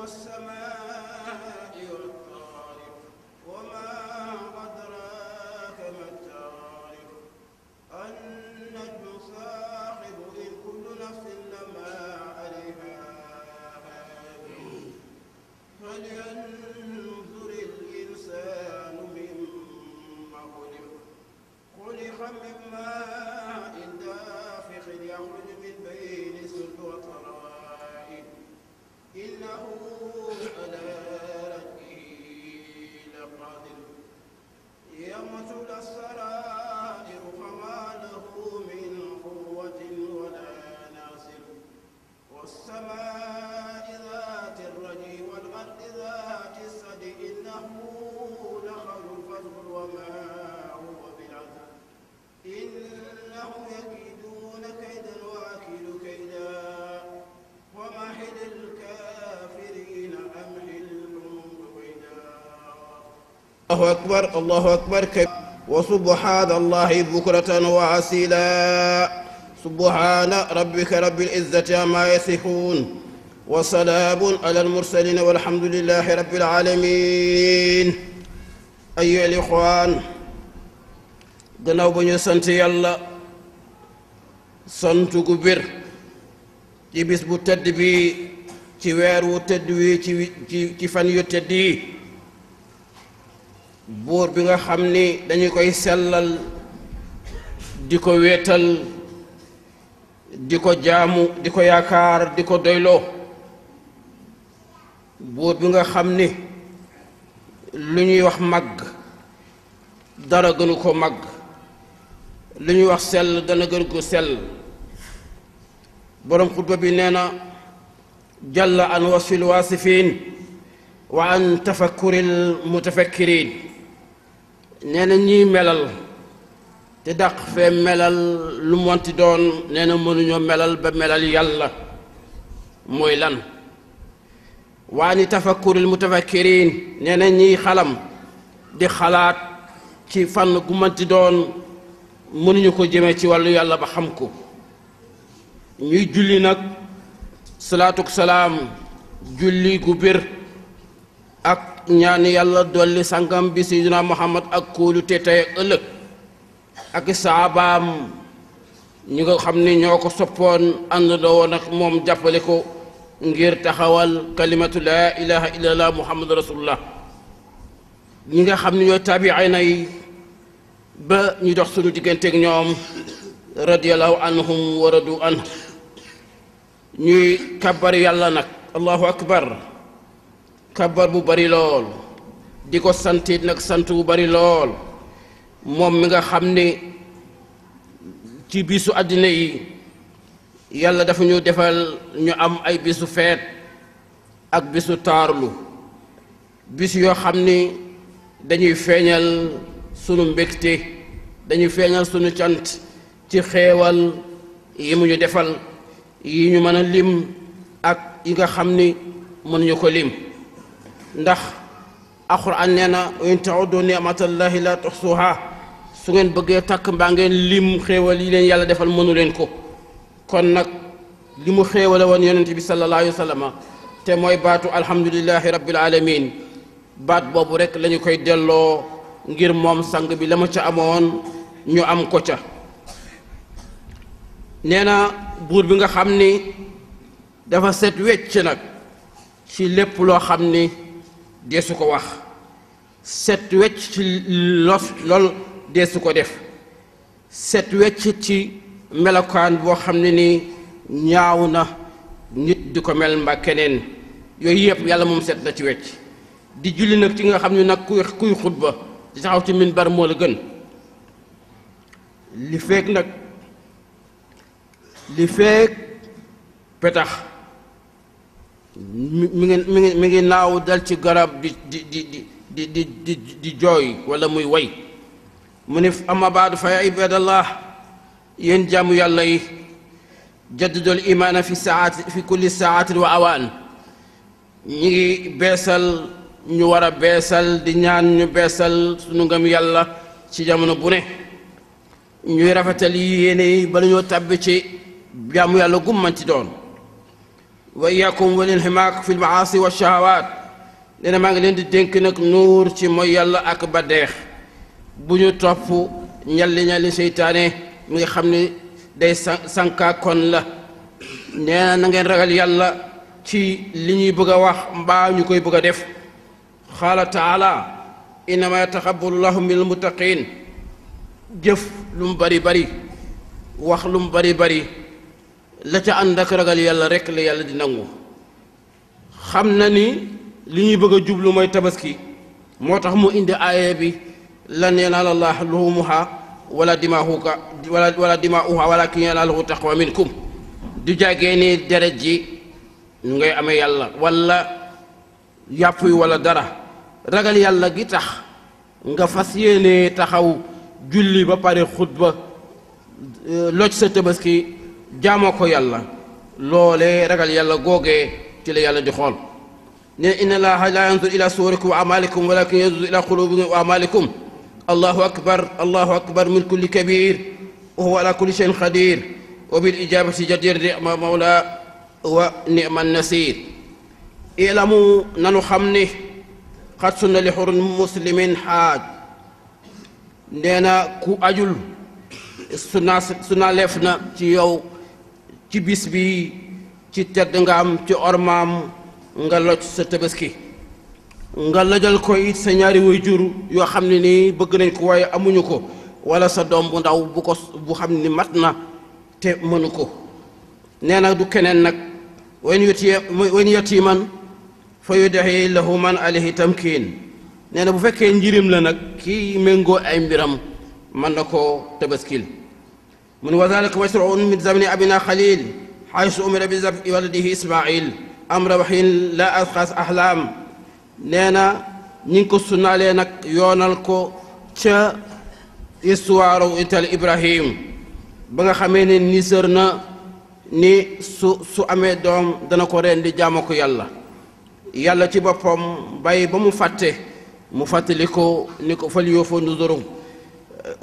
والسماء والطارق وما أدراك ما الطارق النجم صاحب إن كل نفس لما عليها فلينذر الإنسان مما خلق خلق مما إنه على ربه لقادر يوم السرائر فما له من قوة ولا ناصر والسماء ذات الرجي والأرض ذات السد إنه لخلف وما الله أكبر الله أكبر كبير وسبحان الله بكرة وأصيلا سبحان ربك رب العزة عما يصفون وسلام على المرسلين والحمد لله رب العالمين أيها الإخوان gannaaw ba ñu sant yàlla sant gu bir ci bis bu tëdd bi buur bi nga xam ni dañu koy sellal di ko wetal di ko jaamu di ko yaakaar di ko doyloo buur bi nga xam ni lu ñuy wax màgg dara gënu ko màgg lu ñuy wax sell dana gën ko sell boroom xutba bi nee na jàll an wasfil wa an tafakkuril mutafakkirin nee na ñiy melal te daq fee melal lu monti doon nee na mënuñoo melal ba melal yàlla mooy lan waa ni tafakkuril mutafakkiriin nee na ñiy xalam di xalaat ci fànn gu manti doon mënuñu ko jëmee ci wàllu yàlla ba xam ko ñuy julli nag salaatuk salaam julli gu bir ak ñaan yàlla dolli sangam bi sayyidina Muhammad ak kóolute tey ak ëllëg ak saabaam ñi nga xam ni ñoo ko soppoon ànd doo woon ak moom jàppale ko ngir taxawal kalimatu laa ilaha illallah muhammadu rasulullah ñi nga xam ni ñooy taabiina yi ba ñu dox suñu digganteeg ñoom radiallahu anhum wa radu anhu ñuy kàbbar yàlla nag allahu akbar kabar bu bari lool di ko santit nag sant bu bari lool moom mi nga xam ne ci bisu àddina yi yàlla dafa ñu defal ñu am ay bisu feet ak bisu taarlu bis yoo xam ni dañuy feeñal sunu mbégte dañuy feeñal sunu cant ci xeewal yi mu ñu defal yi ñu mën a lim ak yi nga xam ni mënuñu ko lim ndax alxuraan nee na in ta'uddu ni'matallahi la tuhsuha su ngeen bëggee tàkk mbaa ngeen lim xéewal yi leen yàlla defal mënu leen ko kon nag li mu xéewale woon yonent bi sallallahu alayhi te mooy baatu alhamdulillahi rabbil alamin baat boobu rek lañu koy delloo ngir moom sang bi la ma ca amoon ñu am ko ca nee na buur bi nga xam ni dafa set wecc nag ci lépp loo xam ni deesu ko wax set wecc ci los lool deesu ko def set wecc ci melokaan boo xam ne ni ñaaw na nit di ko mel mbaa keneen yooyu yëpp yàlla moom set na ci wecc di julli nag ci nga xam ne nag kuy kuy xutba di taxaw ci minbar moo la gën li feek nag li feek petax mi mi ngi mi ngi naaw dal ci garab di di di di di jooy wala muy woy mu ne amma baadu fa yaa ibadallah yéen jaamu yàlla yi jaddidul imaana fi saat fi kulli saatin wa ñi ngi beesal ñu war a beesal di ñaan ñu beesal sunu ngëm yàlla ci jamono bu ne ñuy rafetal yi yéene yi bala ñoo tàbbi ci jaamu yàlla gummanti doon wa iyaakum wa lil himaak fi lmaasi wa shahawaat nee na maa ngi leen di dénk nag nuur ci mooy yàlla ak baddeex bu ñu topp ñalli ñalli seytaane mi nga xam ni day sanka kon la nee na ngeen ragal yàlla ci li ñuy bëgg a wax mbaa ñu koy bëgg a def xaala taala innama yataqabbalu llahu min almuttaqiin jëf lu mu bari bari wax lu mu bari bari لا تعند كرجال يلا ركلا يلا دينغو خمنني لني بقى جبلو ما يتبسكي ما تهمو إند آيبي لن ينال الله لهمها ولا دماهوكا ولا ولا دماؤها ولكن ينال تقوى منكم دجاجيني درجي نغي أمي يلا ولا يفوي ولا درا jaamoo ko yàlla loolee ragal yàlla googee ci la yàlla di xool ne inna allaha la yanzur ila suwarikum wa amalikum walakin yanzur ila qulubikum wa amalikum allahu akbar allahu akbar min kulli kabir wa huwa ala kulli shay'in qadir wa bil ijabati jadir ni'ma mawla wa ni'ma nasir ilamu nanu xam ni xat sunna li xurun muslimin xaaj nee na ku ajul sunaa sunaa leef na ci yow ci bis bi ci tedd nga am ci ormaam nga loj sa tabaski nga lojal ko it sa ñaari waajur yoo xam ne ni bëgg nañ ko waaye amuñu ko wala sa doom bu ndaw bu ko bu xam ni mat na te mënu ko nee na du keneen nag wen yut wen yatiman fa yudahi lahu man alayhi tamkiin nee na bu fekkee njirim la nag kii méngoo ay mbiram mën na koo tabaskil من وذلك مشروع من زمن أبينا خليل حيث أمر بذبح ولده إسماعيل أمر وحي لا أخص أحلام نينا نينكو سنة لينك يونالكو تا يسوارو إنت إبراهيم بغا خميني نيسرنا ني سو سو أمي دوم دنا كورين دي جاموكو يالا يالا تي بفهم باي بمو فاتي مو فاتي لكو نيكو فاليوفو نزرو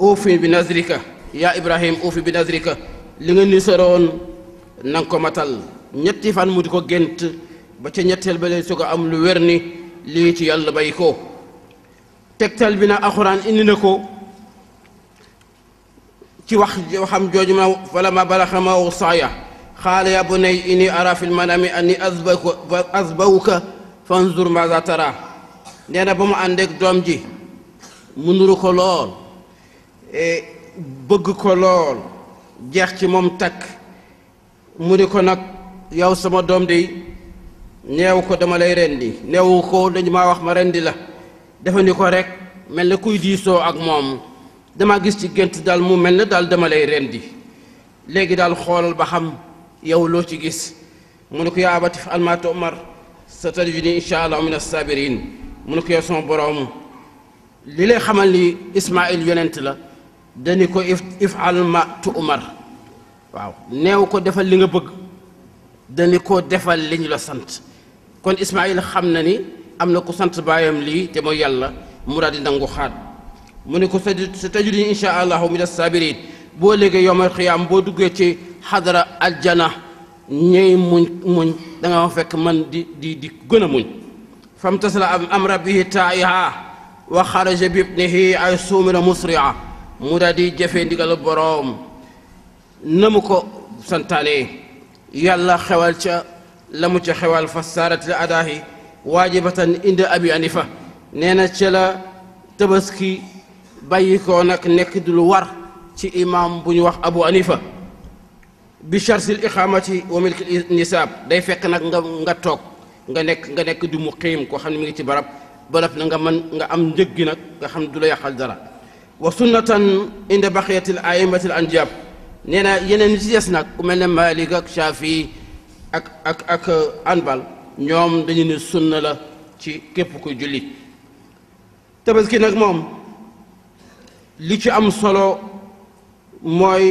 أوفي بنزلكه yaa ibrahim uufi bi nazrika li nga ni soroon ko matal ñetti fan mu di ko gént ba ca ñetteel ba leen su am lu wér ni lii ci yàlla bay ko tegtal bi nag alxuraan indi na ko ci wax waxam jooju ma ma balaxa ma saaya xaala ya bunay inni ara fil manami anni azbawka ba mu àndeek doom ji mu nuru ko lool eh, bëgg ko lool jeex ci moom takk mu ni ko nag yow sama doom de neew ko dama lay rendi neewu ko dañu ma wax ma rendi la dafa ni ko rek mel na kuy diisoo ak moom dama gis ci gént daal mu mel na daal dama lay rendi léegi daal xoolal ba xam yow loo ci gis mu ne ko yaa abati if'al maa tu'mar satajiduni insha allah min as-saabiriin mu ne ko yow sama boroom li lay xamal ni Ismaayil yonent la dañu ko if ifal ma tu umar waaw neew ko defal li nga bëgg dañu ko defal li ñu la sant kon Ismaayil xam na ni am na ku sant baayam lii te mooy yàlla mu daal di nangu xaat mu ne ko sa sa tajudini insha allahu mina sabirin boo léegi yowmal xiyaam boo duggee ci xadara aljana ñëy muñ muñ da ma fekk man di di di gën a muñ fam tasala am am rabbihi taiha wa xaraja bibnihi ay suumira musria مودادي جفي ديغال بروم نموكو سنتالي يالا خوال تشا لامو تشا خوال فسارت الاداهي واجبتا عند ابي انيفه نينا تشلا تبسكي بايكو نك نيك دول وار تي امام بني واخ ابو انيفه بشرط الاقامه وملك النساب داي فك نك nga tok nga nek nga nek du muqim ko xamni mi ngi ci barab barab nga man nga am djeggi nak nga xam dula yakal dara wa sunnatan inda baqiyatil aimatil anjab nee na yeneen ni des nag ku mel ne Malik ak Shafi ak ak ak anbal ñoom dañu ne sunn la ci képp ku julli tabaski nag moom li ci am solo mooy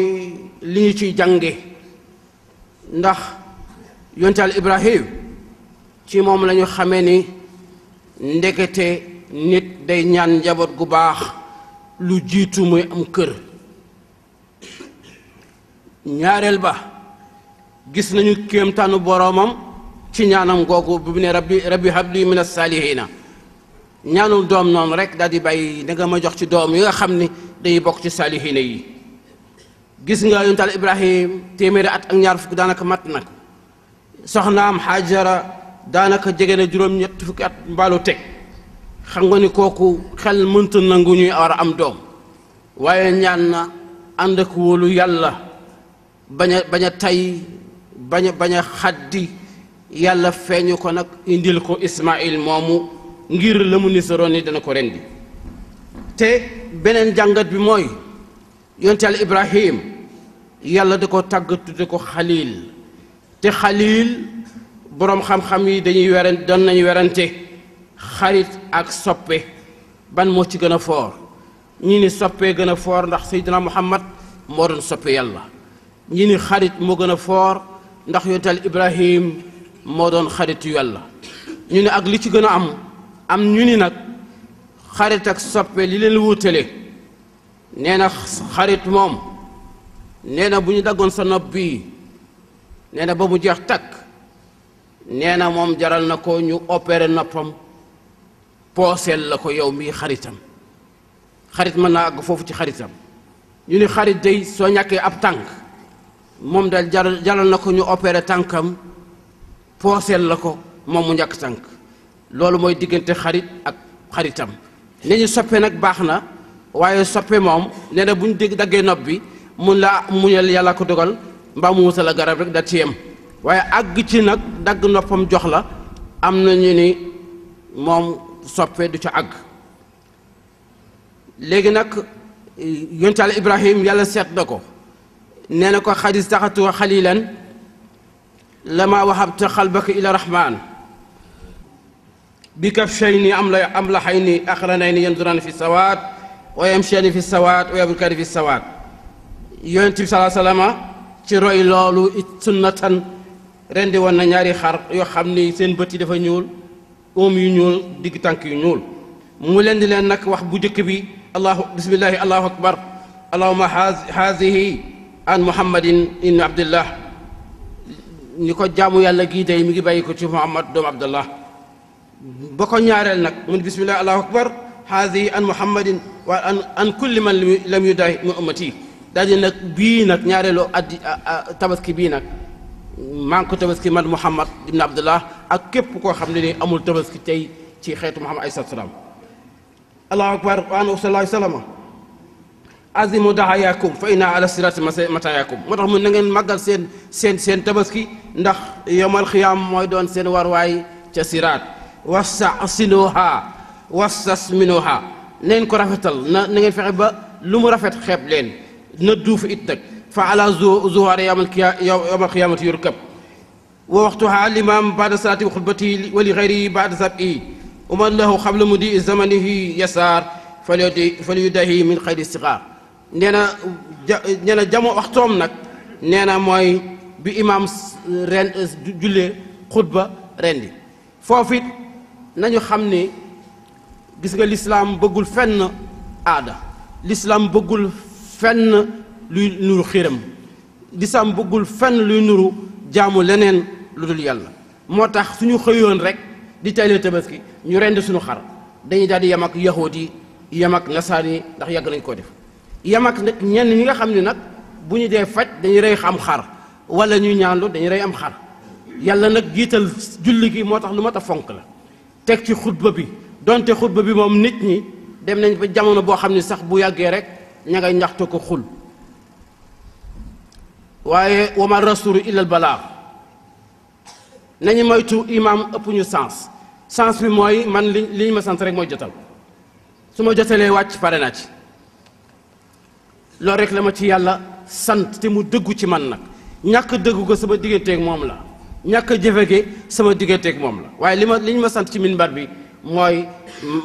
li ñu ci jànge ndax yontaal Ibrahim ci moom la ñu xamee ni ndekete nit day ñaan njaboot gu baax lu jiitu muy am kër ñaareel ba gis nañu kéemtaanu boroomam ci ñaanam googu bu mu ne rabbi rabbi habli min as-saalihiina ñaanul doom noonu rek daal di bàyyi da ma jox ci doom yi nga xam ni day bokk ci saalihiina yi gis nga yonent Yàlla Ibrahim téeméeri at ak ñaar fukk daanaka mat na ko soxnaam Haajara daanaka jege na juróom-ñett fukki at mbaalu teg xam nga ni kooku xel mënta nangu ñuy war a am doom waaye ñaan na ànd ak wóolu yàlla bañ a bañ a tay bañ a bañ a xaddi yàlla feeñu ko nag indil ko Ismaïl moomu ngir la mu nisaroon ni dana ko rendi te beneen jàngat bi mooy yonte yàlla Ibrahim yàlla da ko tàggatu da ko xaliil te xaliil boroom xam-xam yi dañuy werante nañu werante خريط أك صبي بن موتي غنا فور نيني صبي غنا فور نخ سيدنا محمد مورن صبي الله نيني خريط مو غنا فور نخ يوتال إبراهيم مورن خريط يلا نيني أك لتي غنا أم أم نيني نك خريط أك صبي ليلين ووتلي نينا خريط موم نينا بني دقون سنبي نينا بمجيح تك نينا موم جرال نكو نيو أوبرن نفهم pooseel la ko yow mii xaritam xarit mën naa àgg foofu ci xaritam ñu ni xarit day soo ñàkkee ab tànk moom dal jaral jaral na ko ñu opéré tànkam pooseel la ko moom mu ñàkk tànk loolu mooy diggante xarit ak xaritam ne ñu soppe nag baax na waaye soppe moom nee na bu ñu dégg daggee nopp bi mun laa muñal yàlla ko dogal mbaa mu wutal a garab rek da ci yem waaye àgg ci nag dagg noppam jox la am na ñu ni moom soppee du ca àgg léegi nag yonent Ibrahim yàlla seet na ko nee na ko xadis taxatu xalilan lama wahabta xalbaka ila rahman bi kaf chey ni am la am la xay ni axranay ni yanduran fi sawaat wa yamshani fi sawaat wa yabulkani fi sawaat yonent bi salaa salama ci roy loolu sunnatan rendi woon na ñaari xar yoo xam seen bët dafa ñuul قوم ينول ديك تانك ينول مولند لأنك وح بوجك بي الله بسم الله الله أكبر اللهم هذه عن محمد إن عبد الله نيكو جامو يالا جي داي ميغي بايكو تي محمد دوم عبد الله بوكو نيارل نك من بسم الله الله اكبر هذه عن محمد وان ان كل من لم يداي من امتي دادي نك بي نك نيارلو ادي تابسكي بي نك maa ngi ko tabaski man muhammad ibn abdullah ak képp koo xam ne ni amul tabaski tey ci xeetu muhammad ay salaam allahu akbar wa anu sallallahu salama azimu dahayakum fa inna ala sirati matayakum moo tax mu na ngeen màggal seen seen seen tabaski ndax yomal xiyaam mooy doon seen warwaay ca siraat wasasinuha wastasminuha neen ko rafetal na na ngeen fexe ba lu mu rafet xeeb leen na duuf it nag فعلى ظهور يوم يوم القيامة يركب ووقتها الإمام بعد صلاة وخطبته ولغيره بعد سبعي وما له قبل مضي زمنه يسار فليده من خير الصغار نينا نينا جامع وقتهم نك نينا موي بإمام رين جولي خطبة رين دي فوفيت نانيو خمني بسغل الإسلام بقول فن آدا الإسلام بقول فن luy nuru xiram lislaam bëggul fenn luy nuru jaamu leneen lu dul yàlla moo tax suñu xëyoon rek di taylee tabaski ñu rend suñu xar dañuy daal di yem ak yahood yi yem ak nasaan yi ndax yàgg nañ ko def yem ak nag ñenn ñi nga xam ne nag bu ñu dee faj dañuy rey am xar wala ñuy ñaanlu dañuy rey am xar yàlla nag jiital julli gi moo tax lu mat a fonk la teg ci xutba bi donte xutba bi moom nit ñi dem nañ ba jamono boo xam ne sax bu yàggee rek ña ngay ñaxtu ko xul waaye wama rasulu illal balaa nañu moytu imam ëpp ñu sens sens bi mooy man li li ñu ma sant rek mooy jotal su ma jotalee wàcc pare naa ci loolu rek la ma ci yàlla sant te mu dëggu ci man nag ñàkk dëggu ko sama digganteeg moom la ñàkk jëfe gi sama digganteeg moom la waaye li ma li ñu ma sant ci mbar bi mooy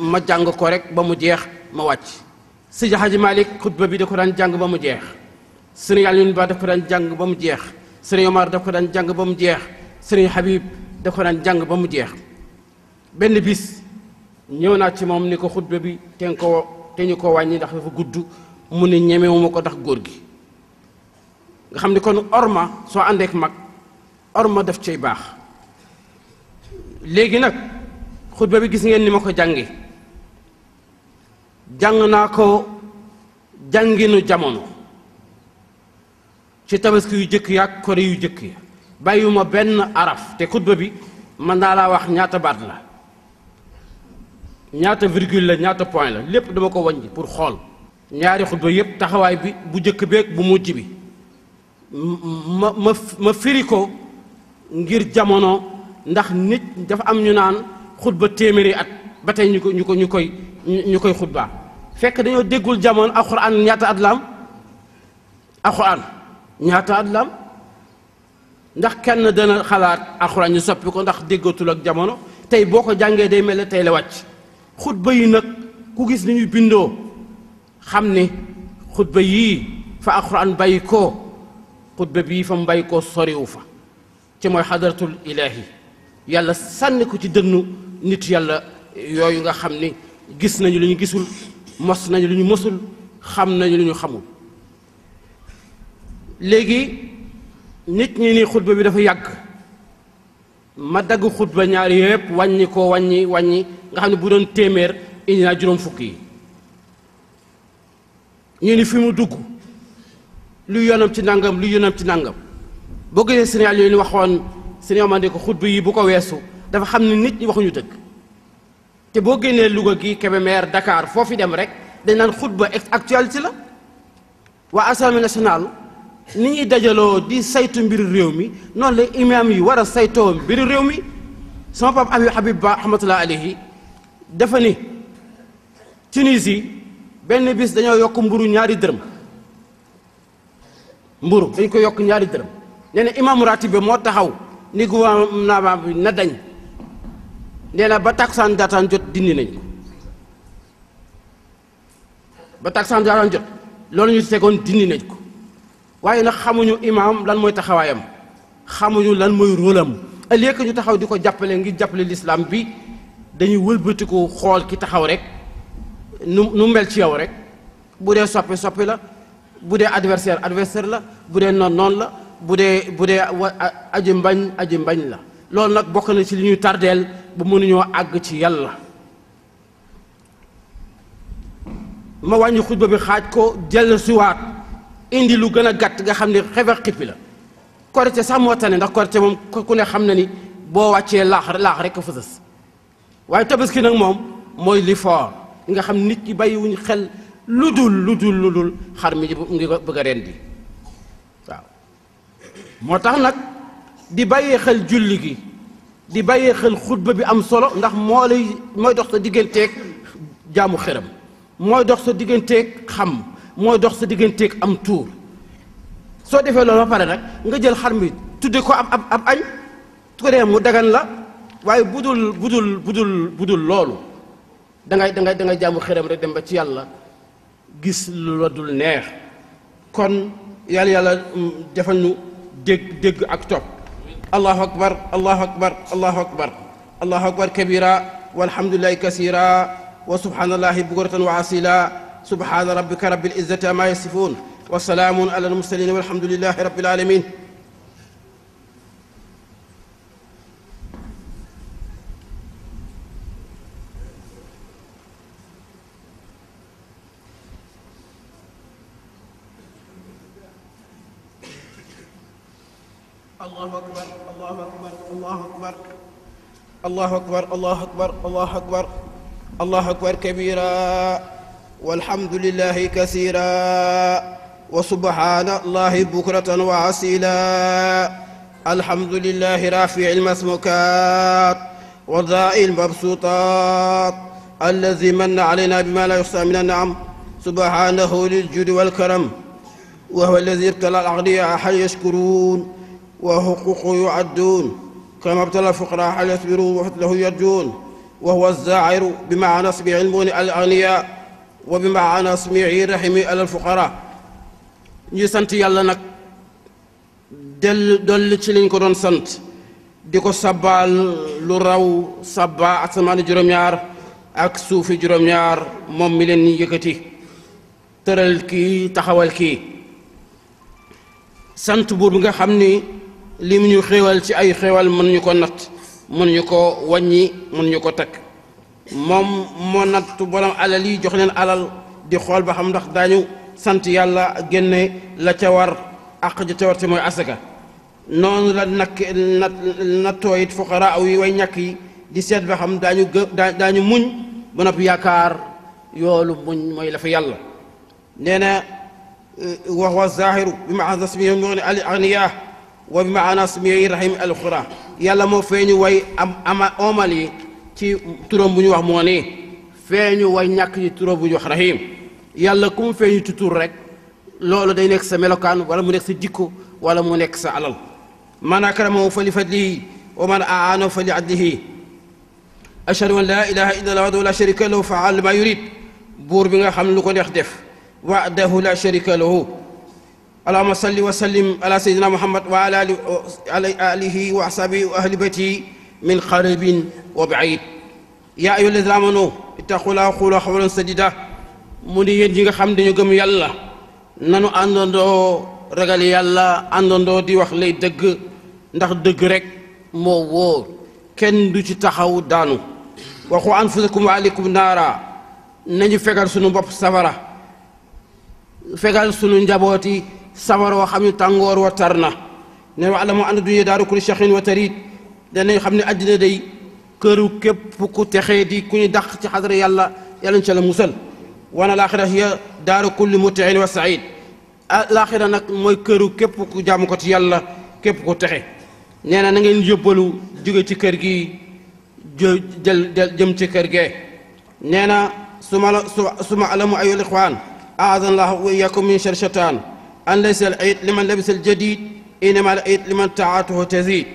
ma jàng ko rek ba mu jeex ma wàcc Seydi Hadji Malick xutba bi da ko daan jàng ba mu jeex sëriñ Alioune Ba dafa ko daan jàng ba mu jeex sëriñ Omar daf ko daan jàng ba mu jeex sëriñ Habib daf ko daan jàng ba mu jeex benn bis ñëw naa ci moom ni ko xutba bi te nga ko te ñu ko wàññi ndax dafa gudd mu ne ñemewuma ko ndax góor gi nga xam ne kon orma soo àndeek mag orma daf cay baax léegi nag xutba bi gis ngeen ni ma ko jànge jàng naa ko jànginu jamono ci tabaski yu jëkk ya ak kori yu jëkk ya bàyyiwuma benn araf te xutba bi mën naa laa wax ñaata baat la ñaata virgule la ñaata point la lépp dama ko wàññi pour xool ñaari xutba yépp taxawaay bi bu jëkk beeg bu mujj bi ma ma firi ko ngir jamono ndax nit dafa am ñu naan xutba téeméeri at ba tey ñu ko ñu ko ñu koy ñu koy xutbaa fekk dañoo déggul jamono alxuraan ñaata at la am alxuraan ñaata at la am ndax kenn dana xalaat alxuraan ñu soppi ko ndax déggatul ak jamono tey boo ko jàngee day mel ne tey la wàcc xutba yi nag ku gis ni ñu bindoo xam ni xutba yii fa alxuraan bàyyi koo xutba bii fa mu bàyyi koo soriwu fa ci mooy xadaratul ilaahi yàlla sànni ko ci dënnu nit yàlla yooyu nga xam ni gis nañu lu ñu gisul mos nañu lu ñu mosul xam nañu lu ñu xamul léegi nit ñi ni xutba bi dafa yàgg ma dagg xutba ñaari yëpp wàññi ko wàññi wàññi nga xam ne bu doon téeméer indi naa juróom fukk yi ñu ni fi mu dugg lu yoonam ci nangam lu yoonam ci nangam boo gisee Sénégal yooyu ni waxoon Sénégal man ko xutba yi bu ko weesu dafa xam ne nit ñi waxuñu dëgg te boo génnee Louga gi Kébémer Dakar foo fi dem rek dañ naan xutba actualité la waa assemblée nationale ni ñuy dajaloo di saytu mbiru réew mi noonu la imaam yi war a saytoo mbiru réew mi sama papa Ami Habib Ba rahmatullah dafa ni Tunisie benn bis dañoo yokk mburu ñaari dërëm mburu dañ ko yokk ñaari dërëm nee na imaamu ratib moo taxaw ni gouvernement bi na dañ nee na ba taksaan daataan jot dindi nañ ba taksaan daataan jot loolu ñu tegoon dindi nañ ko waaye nag xamuñu imaam lan mooy taxawaayam xamuñu lan mooy rôlam ëllëg ñu taxaw di ko jàppale ngir jàppale lislaam bi dañuy wëlbatiku xool ki taxaw rek nu nu mel ci yow rek bu dee soppe soppe la bu dee adversaire adversaire la bu dee noon noon la bu dee bu dee aji mbañ aji mbañ la loolu nag bokk na ci li ñuy tardeel ba mënuñoo àgg ci yàlla ma wàññi xutba bi xaaj ko jël suwaat indi lu gëna gàtt nga xamni xéfa xefe la korite sa moo tane ndax korite mom ku ne xam na ni boo wàccee laax laax rek fa sës waaye tabaski nak mom moy li foor nga xam nit ki bàyyiwuñ xel ludul ludul ludul dul xar mi ngi bëgg rendi waaw motax nak di baye xel julli gi di baye xel khutba bi am solo ndax mo lay moy dox sa digeentek jaamu xëram moy dox sa digeentek xam moy dox sa digganteeg am tour so defé loolu ba pare nak nga jël xarmi tudde ko am am am añ tu ko dé mu dagan la waye budul budul budul budul loolu da ngay da ngay da ngay jaamu xëram rek dem ba ci yàlla gis lu dul neex kon yàlla yàlla defal ñu dégg dégg ak top الله أكبر الله أكبر الله أكبر الله أكبر كبيرا والحمد لله كثيرا وسبحان الله بكرة وعصيلا سبحان ربك رب العزة ما يصفون وسلام على المرسلين والحمد لله رب العالمين الله أكبر الله أكبر الله أكبر الله أكبر الله أكبر الله أكبر كبيرا والحمد لله كثيرا وسبحان الله بكرة وعسيلا الحمد لله رافع المسموكات وضاء المبسوطات الذي من علينا بما لا يحصى من النعم سبحانه للجود والكرم وهو الذي ابتلى الأغنياء حل يشكرون وحقوق يعدون كما ابتلى الفقراء حل يصبرون وفتله يرجون وهو الزاعر بمعنى نصب علمون الأغنياء وبما عنا سميعي رحمي على الفقراء نسنت يلا نك دل دل تشلين كورون سنت ديكو سبال لوراو سبا اسمان جروم يار اك سوفي جروم يار موم ميلين ييكتي ترال كي تخاوال كي سنت بور بيغا خامني لي منيو خيوال سي اي خيوال من نيو كو نات من نيو كو واني من نيو كو تك moom moo nattu borom alal yi jox len alal di xol ba xam ndax dañu sant yàlla génne la ci war ak ja ca war te mooy asaka non la nak nat nattoo fuqara wi way ñak yi di set ba xam dañu dañu muñ bu nopp yaakaar yoolu muñ moy la fa yàlla neena wa huwa zahir bi nee na وهو الظاهر بمعنى اسمه الأغنياء وبمعنى اسمه الرحيم الأخرى يلا مو فيني وي أم omal yi ci turam buñu wax moo ne feeñu way ñak ci turam buñu wax rahim yàlla kum feñu ci tur rek lolu day nek sa melokan wala mu nek sa jikko wala mu nek sa alal man akramahu fa li fadlihi wa man aanahu fa li adlihi ashhadu an la ilaha illa allah wa la sharika lahu faal ma yurid bur bi nga xam lu ko neex def wahdahu la sharika lahu اللهم صل وسلم على سيدنا محمد وعلى اله وصحبه واهل بيته من قريب وبعيد yaa ayyuha alladina amanu ittaqullah xuula xawlan sadida mu ni yéen ñi nga xam dañu gëm yàlla nanu àndandoo ragal yàlla àndandoo di wax lay dëgg ndax dëgg rek moo wóor kenn du ci taxaw daanu waxu anfusakum wa alikum naara nañu fegal sunu bopp safara fegal sunu njabooti safara woo xam ne tàngoor wa tar na ne wa alamu anna dunya daaru kulli shaxin wa tarid danañ xam ne àddina day këru képp ku texee di ku ñu dàq ci xadara yàlla yàlla ñu ca la musal wana laaxira hiya daaru kulli mutiin wa said laaxira nag mooy këru képp ku jaamu ko ci yàlla képp ku texe nee na na ngeen yóbbalu jóge ci kër gi jël jëm ci kër gee nee na suma la suma alamu ayul ixwaan aadan laahu wa iyakum min shar shataan an laysa al aid liman labisa al jadid inama al aid liman taatuhu tazid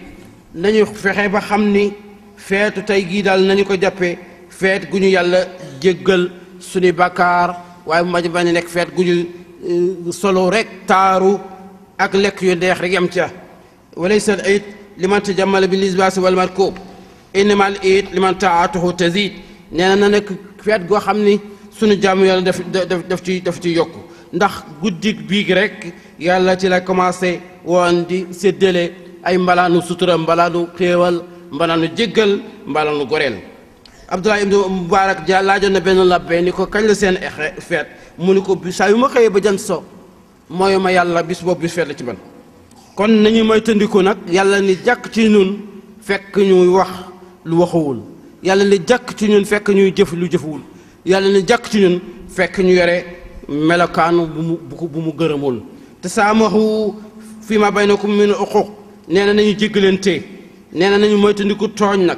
nañu fexe ba xamni ni tay gi dal nañu ko jappé feet guñu yàlla jéggal suñu bakar way bu ma bañ nek nekk guñu solo rek taru ak lek yu neex rek yam ci walaysa al iid liman tajammal bil lisbas wal markub inma al iid liman taatuhu tazid neena na nek nekk go xamni xam suñu jàmm yàlla def def def ci def ci yokku ndax guddik bi rek yàlla ci la commencé woon di délai ay mbalaanu sutura mbalaanu xéewal mbalaanu jéggal mbalaanu goreel Abdullah ibnu Mubaarak Dia laajoon na benn labbe ni ko kañ la seen feet mu ni ko saa yu ma xëyee ba jant soo mooy ma yàlla bis boobu bis feet la ci ban kon nañu may tëndiku nag yàlla ni jàkk ci ñun fekk ñuy wax lu waxuwul yàlla ni jàkk ci ñun fekk ñuy jëf lu jëfuwul yàlla ni jàkk ci ñun fekk ñu yore melokaanu bu mu bu gërëmul te saamahu fi ma baynakum min uquq nee nañu jéggalante nee na nañu moytandiku tooñ nag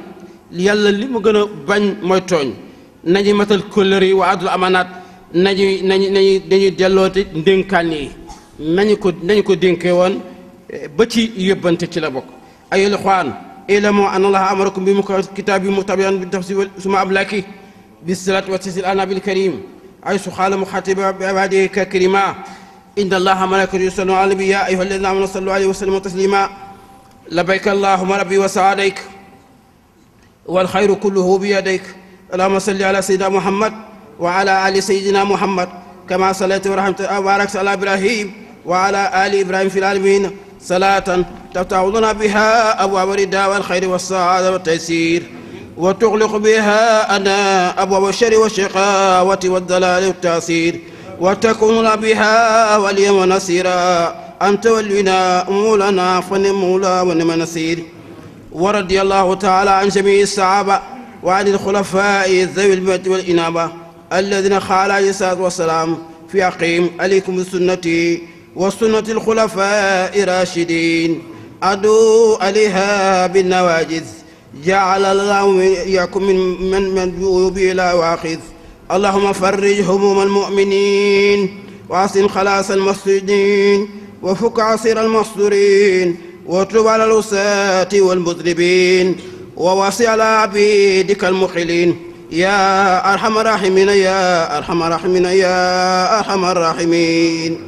yàlla li mu gën a bañ mooy tooñ nañu matal kóllëre yi wa adul amanaat nañuy nañu nañu dañuy delloote ndénkaan yi nañu ko nañu ko dénkee woon ba ci yóbbante ci la bokk ayul xwaan ilamu an allaha amarakum bi kitaab yi mutabian bi tafsir suma ablaki bi salat wa tisil tasil anabil karim ay su xaala mu bi abadihi ka karima inna allaha malaikatu yusalluna ala nabi ya ayuha alladina amanu sallu alayhi wa sallimu taslima لبيك اللهم ربي وسعديك والخير كله بيديك اللهم صل على سيدنا محمد وعلى آل سيدنا محمد كما صليت ورحمت وباركت على إبراهيم وعلى آل إبراهيم في العالمين صلاة تفتحون بها أبواب الرداء والخير والسعادة والتيسير وتغلق بها أنا أبواب الشر والشقاوة والضلال والتعسير وتكون بها وليا ونصيرا أنت ولينا مولانا فني مولا ونم نصير ورضي الله تعالى عن جميع الصحابة وعن الخلفاء ذوي البيت والإنابة الذين خال عليه الصلاة والسلام في عقيم عليكم السنة وسنة الخلفاء الراشدين أدوا عليها بالنواجذ جعل الله إياكم من من إلى واخذ اللهم فرج هموم المؤمنين واصل خلاص المسجدين وفك عصير المصدرين واتوب على الوساة والمذنبين ووسع على عبيدك المخلين يا أرحم الراحمين يا أرحم الراحمين يا أرحم الراحمين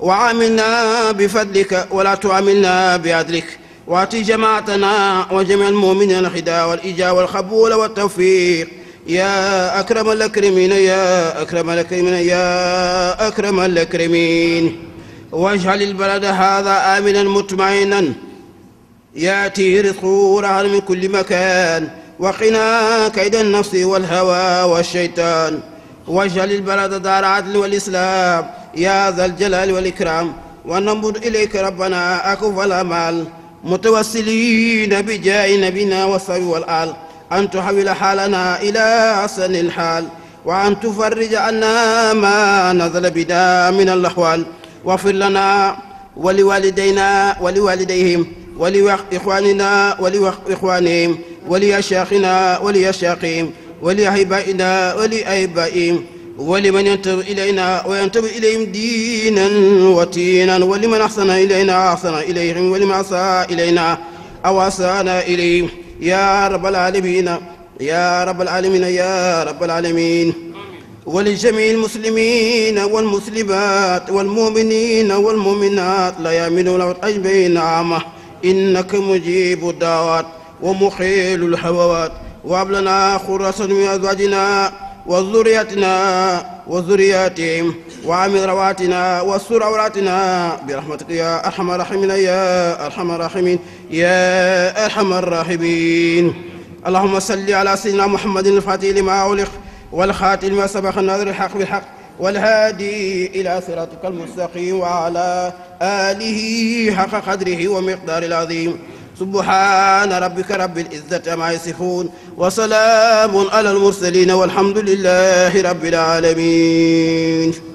وعاملنا بفضلك ولا تعاملنا بعدلك وأتي جماعتنا وجميع المؤمنين الخداع والإجابة والقبول والتوفيق يا أكرم الأكرمين يا أكرم الأكرمين يا أكرم الأكرمين واجعل البلد هذا آمنا مطمئنا يأتي رزقه من كل مكان وقنا كيد النفس والهوى والشيطان واجعل البلد دار عدل والإسلام يا ذا الجلال والإكرام وننظر إليك ربنا أكف الأمال متوسلين بجاه نبينا والصبي والآل أن تحول حالنا إلى أحسن الحال وأن تفرج عنا ما نزل بنا من الأحوال واغفر لنا ولوالدينا ولوالديهم ولإخواننا ولإخوانهم ولأشياخنا ولأشياخهم ولأحبائنا ولأحبائهم ولمن ينتب إلينا وينتب إليهم دينا وتينا ولمن أحسن إلينا أحسن إليهم ولمن أساء إلينا أو أسانا إليهم يا رب العالمين يا رب العالمين يا رب العالمين ولجميع المسلمين والمسلمات والمؤمنين والمؤمنات لا يامن الأرض أجمعين عامة إنك مجيب الدعوات ومخيل الحووات وابلنا لنا خراسا من أزواجنا وذريتنا وذرياتهم وعامل رواتنا واستر عوراتنا برحمتك يا أرحم الراحمين يا أرحم الراحمين يا أرحم الراحمين اللهم صل على سيدنا محمد الفاتح لما أولخ والخاتم ما سبق الناظر الحق بالحق والهادي إلى صراطك المستقيم وعلى آله حق قدره ومقدار العظيم سبحان ربك رب العزة ما يصفون وسلام على المرسلين والحمد لله رب العالمين